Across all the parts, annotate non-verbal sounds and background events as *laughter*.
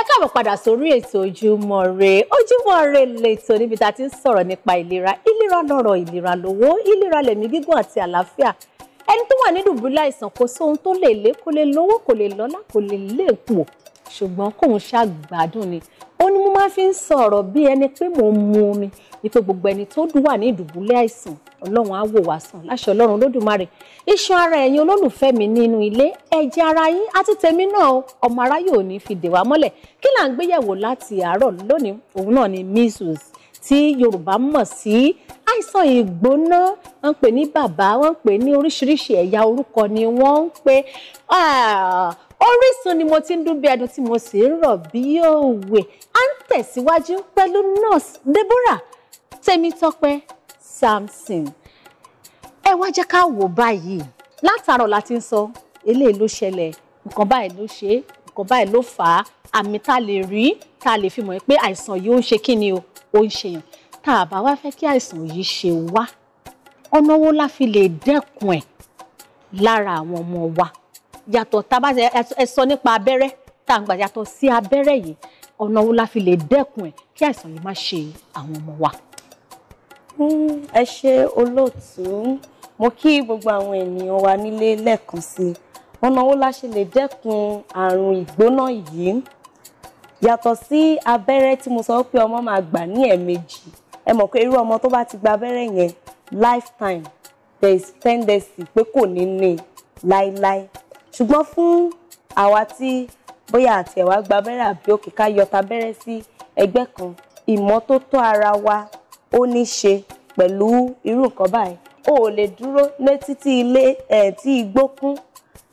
ẹ káàbọ̀ padà sórí ètò ojúmọ́ re ojúmọ́ re lètò níbi tá a ti ń sọ̀rọ̀ nípa ìlera ìlera lọ́rọ̀ ìlera lówó ìlera lẹ̀mí gígùn àti àlàáfíà ẹni tó wà ní dùbúlẹ̀ àìsàn kò sóhun tó lè lé kò lè lówó kò lè lọ́lá kò lè léèpò ṣùgbọ́n kóun ṣàgbádùn ni ó ní mo máa fi ń sọ̀rọ̀ bí ẹni pé mò ń mu omi wípé gbogbo ẹni tó wà ní ìdùbúlẹ̀ àìsàn ọlọ́run á wò wá sàn láṣẹ ọlọ́run olódùmarè iṣan ara ẹ̀yin olólùfẹ́ mi nínú ilé ẹ̀jẹ̀ ara yín àti tèmi náà ọmọ aráyè ò ní fi dè wá mọ́lẹ̀ kí là ń gbéyẹ̀wò láti àárọ̀ lónìí òun náà ni measles tí yorùbá mọ̀ sí àìsàn ìgbóná wọ́n ń pè ní bàbá wọ́n pè ní oríṣiríṣi ẹ̀yà orúkọ ni wọ́n ń pè Orísun ni mo ti ń dún bí ẹdun tí mo sì ń rọ̀ bí òwe à ń tẹ̀síwájú pẹ̀lú nurse Deborah Tèmítọ́pẹ́ Samson ẹ wá jẹ́ ká wò báyìí látàárọ̀ la ti ń sọ eléyìí ló ṣẹlẹ̀ nǹkan báyìí ló ṣe nǹkan báyìí ló fà á àmì tá a lè rí tá a lè fi mọ̀ pé àìsàn yìí ó ń ṣe kí ni ó ń ṣèyàn tá a bá wá fẹ́ kí àìsàn yìí ṣe wá ọ̀nà wo la fi lè dẹ́kun ẹ̀ lára àwọn ọmọ wa yàtọ̀ tá a bá ẹ sọ nípa abẹ́rẹ́ tá a ń gbà yàtọ̀ sí abẹ́rẹ́ yìí ọ̀nà wo la fi lè dẹ́kun ẹ̀ kí àìsàn yìí má ṣe àwọn ọmọ wa. Hmm, ẹ ṣe olóòtú mo kí gbogbo àwọn ènìyàn wa nílé lẹ́ẹ̀kan sí i ọ̀nà wo la ṣe lè dẹ́kun àrùn ìgbóná yìí yàtọ̀ sí abẹ́rẹ́ tí mo sọ pé ọmọ máa gbà ní ẹ̀ẹ̀mejì ẹ mọ̀ pé irú ọmọ tó bá ti gba abẹ́rẹ́ yẹn lifetime there is tendency pé kò ní ní láíláí ṣùgbọ́n fún àwa tí bóyá àti ẹ̀wá gba abẹ́rẹ́ àbí òkè ká yọta abẹ́rẹ́ sí ẹgbẹ́ kan ìmọ́tótó ara wa ó ní ṣe pẹ̀lú irú nǹkan báyìí o ò lè dúró létí tí ilé ẹ̀ tí igbó kún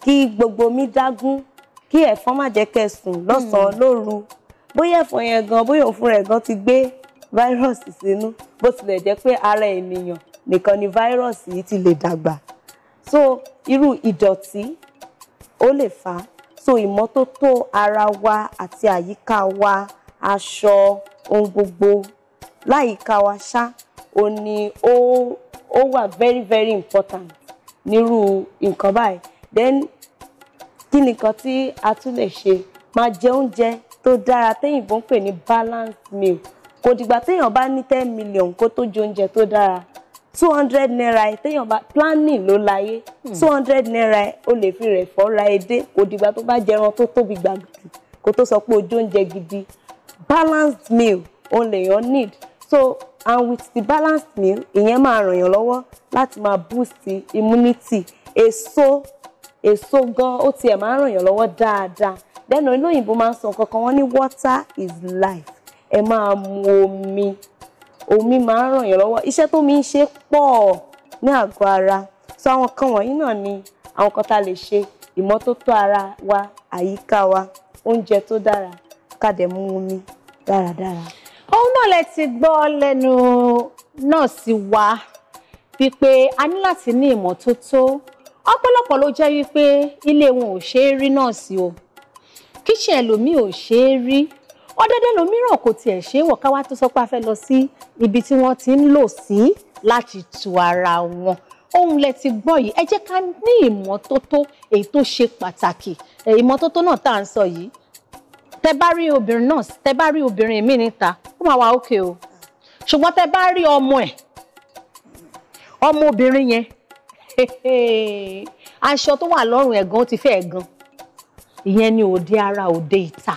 kí gbogbo mi dágún kí ẹ̀fọn má jẹ́ kẹ́ sùn lọ́sàn-án hmm. lóru bóyá ẹ̀fọn yẹn gan bóyá òun fúnra gan ti gbé fáírọ́ọ̀sì sínú bó tilẹ̀ jẹ́ pé ara ènìyàn nìkan ni fáírọ́ọ̀sì yìí ti lè dàgbà so irú ìdọ̀tí ó lè fà so ìmọ́tótó ara wa àti àyíká wa aṣọ ohun gbogbo láyìíká wa ṣá ó ní ó ó wà very very important nírú nǹkan báyìí then kí nìkan tí a tún lè ṣe máa jẹ oúnjẹ tó dára téyìnbó ń pè ní balanced meal kò dìgbà téèyàn bá ní ten million kó tó jẹ oúnjẹ tó dára two hundred naira ẹ téèyàn bá planning ló láyé hmm. two hundred naira ẹ o lè fi rẹ̀ fọ́ ra edé kò dìgbà tó bá jẹran tó tóbi gbàgìdì kó tó sọ pé ojú oúnjẹ gidi balanced meal òun lèèyàn need so and with the balanced meal ìyẹn máa ràn yàn lọ́wọ́ láti máa boost immunity èso èso gan ó tiẹ̀ máa ń ràn yàn lọ́wọ́ dáadáa dẹ́nu olóyìnbó máa ń sọ nǹkan kan wọ́n ní water is life ẹ máa mu omi omi máa ń ràn yín lọ́wọ́ iṣẹ́ tó mi ń ṣe pọ̀ ní àgọ́ ara so àwọn kan wọ̀nyí náà ni àwọn kan tá a lè ṣe ìmọ́tótó ara wa àyíká wa oúnjẹ tó dára ká dẹ̀ mú omi dáradára. ohun náà lẹ ti gbọ́ lẹ́nu nọ́ọ̀sì wa wípé a ní láti ní ìmọ́tótó ọ̀pọ̀lọpọ̀ ló jẹ́ wípé ilé wọn ò ṣeé rí nọ́ọ̀sì o kíṣìn ẹlòmíì ò ṣeé rí ọ̀dẹ̀dẹ̀ lòmíràn kò tiẹ̀ ṣe é wọ̀ káwá tó sọ pé a fẹ́ lọ sí ibi tí wọ́n ti ń lò sí láti tu ara wọn ohun lẹ ti gbọ́ yìí ẹ jẹ́ ká ní ìmọ́tótó èyí tó ṣe pàtàkì ìmọ́tótó náà tá à ń sọ yìí tẹ bá rí obìnrin náà tẹ bá rí obìnrin mi níta ó máa wà ókè o ṣùgbọ́n tẹ bá rí ọmọ ẹ̀ ọmọ obìnrin yẹn *laughs* aṣọ tó wà lọ́rùn ẹ̀gan ti fẹ́ gan ìyẹn ni òde ara òde ìta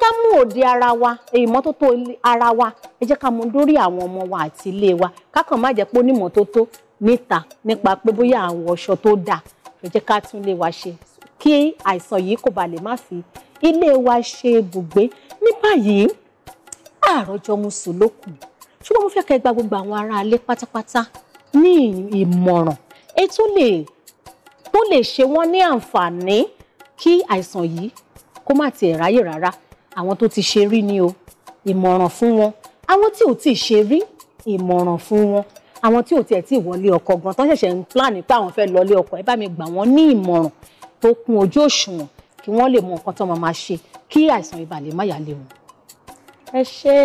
jẹ́ ká mú òde ara wa ìmọ́tótó ara wa ẹ jẹ́ ká mú dórí àwọn ọmọ wa àti ilé wa ká kàn má jẹ́ pé onímọ́tótó níta nípa pé bóyá àwọn ọ̀ṣọ́ tó dáa ẹ jẹ́ ká tún ilé wa ṣe kí àìsàn yìí kò bá lè má fi ilé wa ṣe ibùgbé ní báyìí àròjọ mùsùlùkùn ṣùgbọ́n mo fẹ́ kẹ́ gba gbogbo àwọn ará pátápátá ní ìmọ̀ràn ètò lè tó lè ṣe wọ́n ní àǹfààní kí àìsàn yìí kó má tiẹ̀ ráyè rárá àwọn tó ti ṣe rí ni o ìmọ̀ràn fún wọn àwọn tí ò tí ì ṣe rí ìmọ̀ràn fún wọn àwọn tí ò tiẹ̀ tí ì wọlé ọkọ gan tó ṣẹ̀ṣẹ̀ ń plan pé àwọn fẹ́ lọlé ọkọ ẹ bá mi gbà wọ́n ní ìmọ̀ràn tó kún ojú òṣùwọ̀n kí wọ́n lè mọ nǹkan tó máa ṣe kí àìsàn ibà lè má yà lé wọn. ẹ ṣe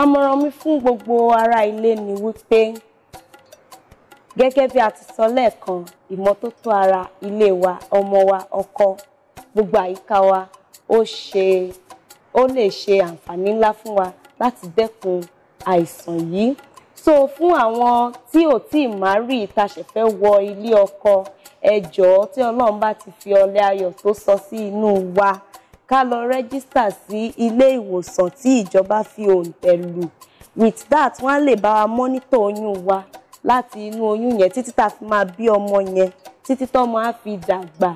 àmọ̀ràn mi fún gbogbo ará ilé ni wípé gẹ́gẹ́ bí a ti sọ lẹ́ẹ̀kan ìmọ́tótó ara ilé wa ọmọ wa ọkọ gbogbo àyíká wa ó ṣe ó lè ṣe àǹfààní ńlá fún wa láti dẹ́kun àìsàn yìí so fún àwọn tí ò tí ì má rí tá ṣe fẹ́ wọ ilé ọkọ ẹ jọ̀ọ́ tí Ọlọ́run bá ti fi ọlẹ ayọ̀ tó sọ sí inú wa ká lọ rẹ́gísítà sí ilé ìwòsàn tí ìjọba fi òǹtẹ̀ lù with that wọ́n á lè bá wa mọ́nítọ̀ oyún wa láti inú oyún yẹn títí tá a fi máa bí ọmọ yẹn títí tọ́mọ á fi dàgbà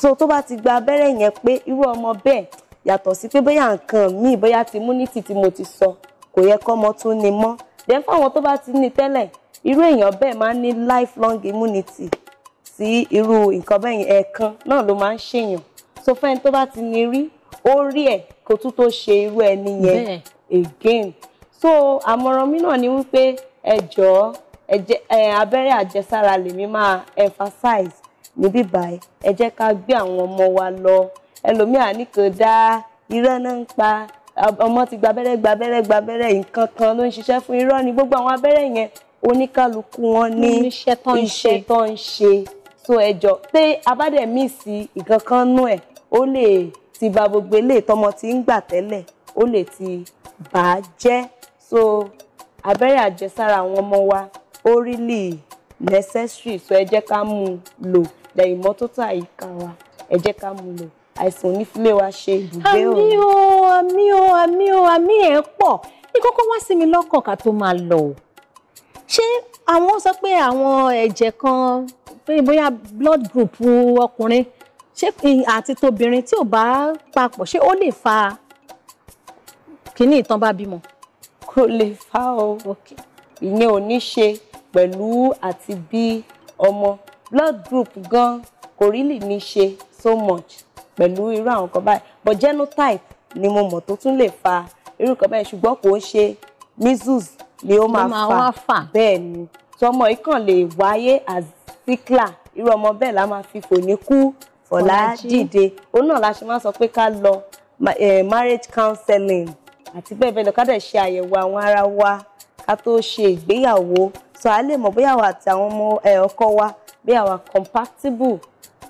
so tó bá ti gba abẹ́rẹ́ yẹn pé irú ọmọ bẹ́ẹ̀ yàtọ̀ sí pé bóyá nǹkan míì bóyá ti immunity tí mo ti sọ kò yẹ kọ́mọ tún ní mọ́ then fáwọn tó bá ti ní tẹ́lẹ̀ irú èèyàn bẹ́ẹ̀ máa ń ní lifelong immunity sí irú nǹkan bẹ́ẹ̀ ẹ̀ẹ̀kan náà ló máa ń ṣèyàn so fẹ́ni tó bá ti ní rí ó rí ẹ̀ kó tún tó ṣe irú ẹni yẹn again so àmọ̀ràn mi náà ni wípé ẹ jọ̀ọ́ abẹ́rẹ́ àjẹsára lèmi máa emphasize níbí báyìí ẹ jẹ́ ká gbé àwọn ọmọ wa lọ ẹlòmíà ní kò dáa irọ́ náà ń pa ọmọ ti gba abẹ́rẹ́ gba abẹ́rẹ́ gba abẹ́rẹ́ nǹkan kan ló ń ṣiṣẹ́ fún irọ́ ni gbogbo àwọn abẹ́rẹ́ yẹn oníkálukú wọn ní iṣẹ́ tó ń ṣe so ẹjọ́ pé abádẹ́mí sí nú ẹ̀ ó lè ti ba gbogbo ilé tọmọ ti ń gbà tẹ́lẹ̀ ó lè ti bà á jẹ́ so abẹ́rẹ́ àjẹsára àwọn ọmọ wa ó rí lì necessary so ẹ jẹ́ ká mú un lò ìmọ́tótó àyíká wa ẹ jẹ́ ká mú un lò àìsàn onífilé wa ṣe ibùgbé o. àmì o àmì o àmì o àmì ẹ̀ pọ̀ ní kókó wá sí mi lọ́kàn ká tó máa lọ o. ṣé àwọn sọ pé àwọn ẹ̀jẹ̀ kan bóyá blood group ọkùnrin ṣé àti tóbìnrin tí ò bá papọ̀ ṣé ó lè fa kíní ìtàn bá bímọ. kò lè fa o ìyẹn ò ní ṣe pẹ̀lú àti bí ọmọ blood group gan kò rí lè ní ṣe so much pẹ̀lú irú àwọn kan báyìí but genotype ni mo mọ̀ tó tún lè fa irú kan báyìí ṣùgbọ́n kò ń ṣe measles ni ó máa fà bẹ́ẹ̀ ni tọmọ ikàn lè wáyé as sickler irú ọmọ bẹ́ẹ̀ la máa fi kò ní kú Fọlájídé òun náà la ṣe máa sọ pé ká lọ marriage counseling àti bẹ́ẹ̀ bẹ́ẹ̀ lọ ká dẹ̀ ṣe àyẹ̀wò àwọn ara wa ká tó ṣe ìgbéyàwó sọ a lè mọ̀ bóyá àwọn àti àwọn ọmọ ọkọ wa bí àwa compatible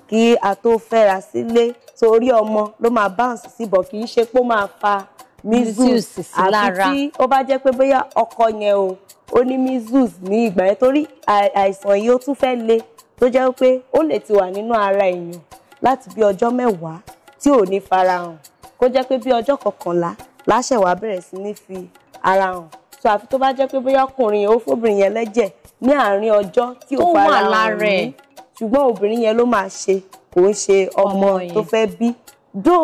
kí a tó fẹ́ra sílé so orí ọmọ ló máa bounce síbọ̀ kì í ṣe pé ó máa fa measles àfi tí ó bá jẹ́ pé bóyá ọkọ yẹn o ó ní measles ní ìgbà yẹn torí àìsàn yìí ó tún fẹ́ le tó jẹ́ pé ó lè ti wà nínú ara èèyàn láti bí ọjọ́ mẹ́wàá tí ò ní farahàn kó jẹ́ pé bí ọjọ́ kọkànlá láṣẹ̀wá bẹ̀rẹ̀ sí ní fi ara hàn so àfi tó bá jẹ́ pé bóyá ọkùnrin yẹn ó fóbìnrin yẹn lẹ́jẹ̀ ní àárín ọjọ́ tí ò farahàn ní ṣùgbọ́n obìnrin yẹn ló máa ṣe kò ń ṣe ọmọ tó fẹ́ bí dó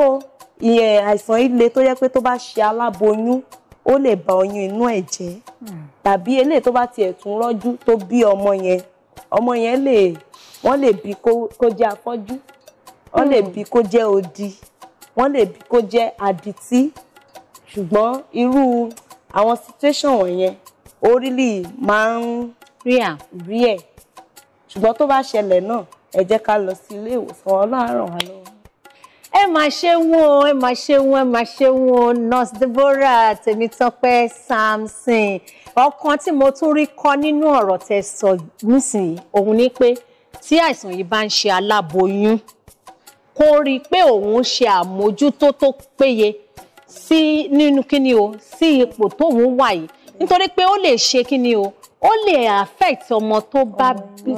ìyẹn àìsàn ilé tó yẹ pé tó bá ṣe aláboyún ó lè ba oyún inú ẹ̀ jẹ́ hmm. tàbí eléyìí tó bá tiẹ̀ tún rọ́jú tó bí ọmọ yẹn ọmọ yẹn lè wọ́n lè bí kó jẹ́ afọ́jú wọ́n lè hmm. bí kó jẹ́ odi wọ́n lè bí kó jẹ́ adití ṣùgbọ́n irú àwọn situation wọ̀nyẹn orílì máa ń rí ẹ̀ ṣùgbọ́n tó bá ṣẹlẹ̀ náà ẹ jẹ́ ká lọ sí ilé ìwòsàn ọlọ́run ràn wá lọ́wọ́. ẹ máa ṣe wọn ẹ máa ṣe wọn ẹ máa ṣe wọn nurse Deborah Tèmítọ́pẹ́ Samson ọ̀kan tí mo tún rí kọ́ nínú ọ̀rọ̀ tẹ́ sọ nísìnyí òun ni pé tí àìsàn yìí bá ń ṣe aláboyún kó rí i pé òun ṣe àmójútó tó péye sí nínú kíni o sí ipò tóun wà yìí nítorí pé ó lè ṣe kíni o ó lè affect ọmọ tó bá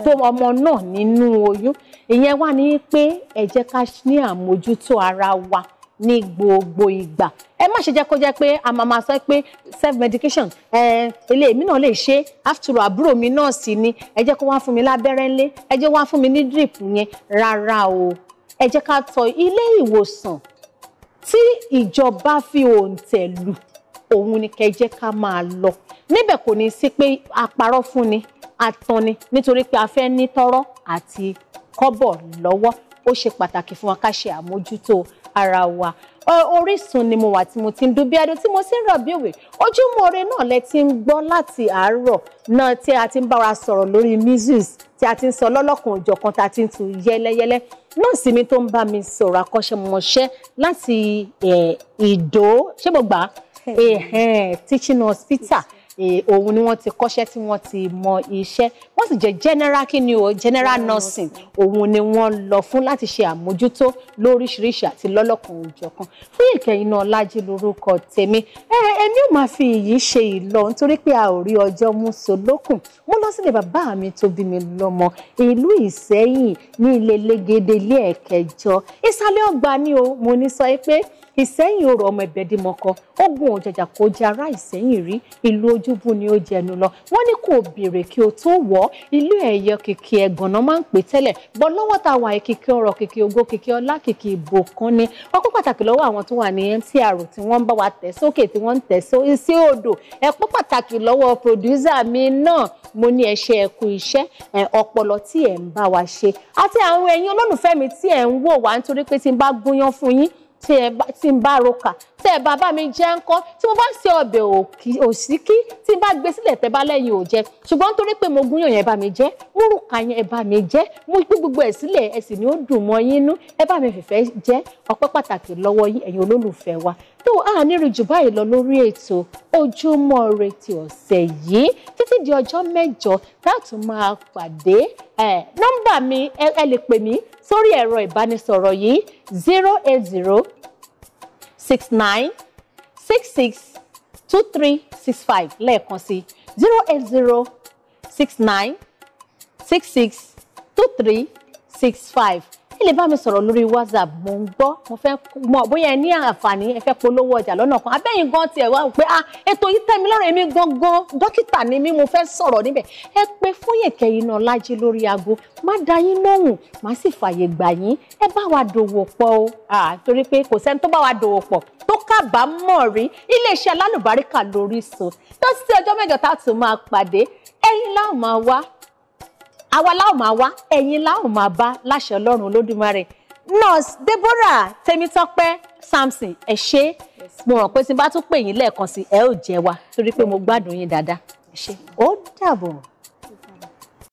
tó ọmọ náà nínú oyún ìyẹn wà ní pé ẹ jẹ́ ká ní àmójútó ara wa ní gbogbo ìgbà ẹ má ṣe jẹ́ kó jẹ́ pé a máa máa sọ pé self medication ẹ ilé mi náà lè ṣe after àbúrò mi náà sì ni ẹ jẹ́ kó wá fún mi lábẹ́rẹ́ ńlé ẹ jẹ́ wá fún mi ní drip yẹn rárá o ẹ jẹ́ ká tọ ilé ìwòsàn tí ìjọba fi òǹtẹ̀ lù òun ni kẹ́ jẹ́ ká máa lọ níbẹ̀ kò ní sí pé àparọ́ fún ni àtàn ni nítorí pé a fẹ́ ní tọ́rọ́ àti kọ́bọ̀ lọ́wọ́ ó ṣe pàtàkì fún wa ká ṣe àmójútó ara wa Orísun ni mo wà tí mo ti ń dúbí adé tí mo sì ń rà bí òwe Ojúmọ́ Ire náà lẹ ti ń gbọ́ láti àárọ̀ náà tí a ti ń bára sọ̀rọ̀ lórí measles tí a ti ń sọ lọ́lọ́kan òjọ̀kan tá a ti ń tu yẹ́lẹ́yẹ́lẹ́ nọ́ọ̀sì mi tó ń bá mi sọ̀rọ̀ akọ́ṣẹ́mọṣẹ́ láti Ìdó ṣé mo gbà á teaching hospital òun ni wọ́n ti kọ́ṣẹ́ tí wọ́n ti mọ iṣẹ́ wọ́n sì jẹ́ general kí ni o general nursing òun ni wọ́n lọ fún láti ṣe àmójútó lóríṣiríṣi àti lọ́lọ́kan òjọ̀kan Fúyìnkẹ́ Inaọlájí lórúkọ tèmi èmi ò máa fi èyí ṣe ìlọ nítorí pé a ò rí ọjọ́ mú solókùn mo lọ sílé bàbá mi tó bí mi lọ́mọ ìlú Ìṣẹ́yìn ní ilé Légédé ilé ẹ̀kẹjọ ìsàlẹ̀ ọgbà ni o mo ní sọ pé ìsẹ́yìn orò ọmọ ẹ̀bẹ̀dìmọ̀kọ ó gun òjàjà kò jẹ ará ìsẹ́yìn rí ìlú ojúbù ni ó jẹnu lọ wọ́n ní kò béèrè kí o tó wọ̀ ọ́ ilé ẹ̀yẹ kìkì ẹ̀gànná máa ń pè tẹ́lẹ̀ bọ́ lọ́wọ́ tá a wà kìkì ọ̀rọ̀ kìkì ògo kìkì ọlá kìkì ìbò kan ni ọkọ́ pàtàkì lọ́wọ́ àwọn tó wà ní MTR tí wọ́n ń bá wa tẹ̀ sókè tí wọ́n ń tẹ̀ sí odò ẹ̀pọ́ pàtàkì lọ́wọ́ pòdúsà mi náà mo ní ẹ ṣé iṣẹ́ ọpọlọ tí ẹ̀ ń bá wa ṣe àti àwọn ẹ̀yin olólùfẹ́ mi tí ẹ̀ ń wò wá nítorí pé tí n bá gúnyán fún yín tí ẹ bá tí ń bá roka tí ẹ bá bá mi jẹ ńkọ́ tí mo bá ṣe ọbẹ̀ òsíkí tí n bá gbé sílẹ̀ tẹ́ bá lẹ́yìn ò jẹ ṣùgbọ́n nítorí pé mo gúnyàn yẹn bá mi jẹ mo rùkà yẹn ẹ bá mi jẹ mo gbé gbogbo ẹ̀ sílẹ̀ ẹ sì ní ó dùn mọ́ yín nú ẹ bá mi fìfẹ́ jẹ ọpẹ́ pàtàkì lọ́wọ́ yín ẹ̀yin olólùfẹ́ wa tó àánírì jù báyìí lọ lórí ètò ojúmọ́ ire ti ọ̀sẹ̀ yìí títí di ọjọ́ mẹ́jọ táàtún máa pàdé nọ́mbà mi ẹ lè pè mí sórí ẹ̀rọ ìbánisọ̀rọ̀ yìí zero eight zero six nine six six two three six five lẹ́ẹ̀kan sí zero eight zero six nine six six two three six five lè bá mi sọ̀rọ̀ lórí WhatsApp mo ń gbọ́ mo fẹ́ mọ̀ bóyá ẹ ní àǹfààní ẹ fẹ́ polówó ọjà lọ́nà kan abẹ́yìn gan tiẹ̀ wá pé ah ètò yìí tẹ́mi lọ́rọ̀ èmi gangan dókítà ni mí mo fẹ́ sọ̀rọ̀ níbẹ̀ ẹ pé Fóyèké Inaọlájí lórí aago má da yín lóhùn má sì fààyè gbà yín ẹ bá wa dòwò pọ̀ o torí pé kò sẹ́ni tó bá wa dòwò pọ̀ tó kábàámọ̀ rí iléeṣẹ́ alálùbáríkà lórí so tó sì ọjọ́ mẹ́jọ tá a tún máa pàdé ẹ̀yin láwọn máa wá àwa láwọn máa wá ẹ̀yin láwọn máa bá láṣẹ ọlọ́run olódùmarè nurse Deborah Tèmítọ́pẹ́ Samson ẹ ṣé mo rò pé tí n bá tún pè yín lẹ́ẹ̀kan sí ẹ ó jẹ wa torí pé mo gbádùn yín dáadáa ẹ ṣé ó dàbọ̀.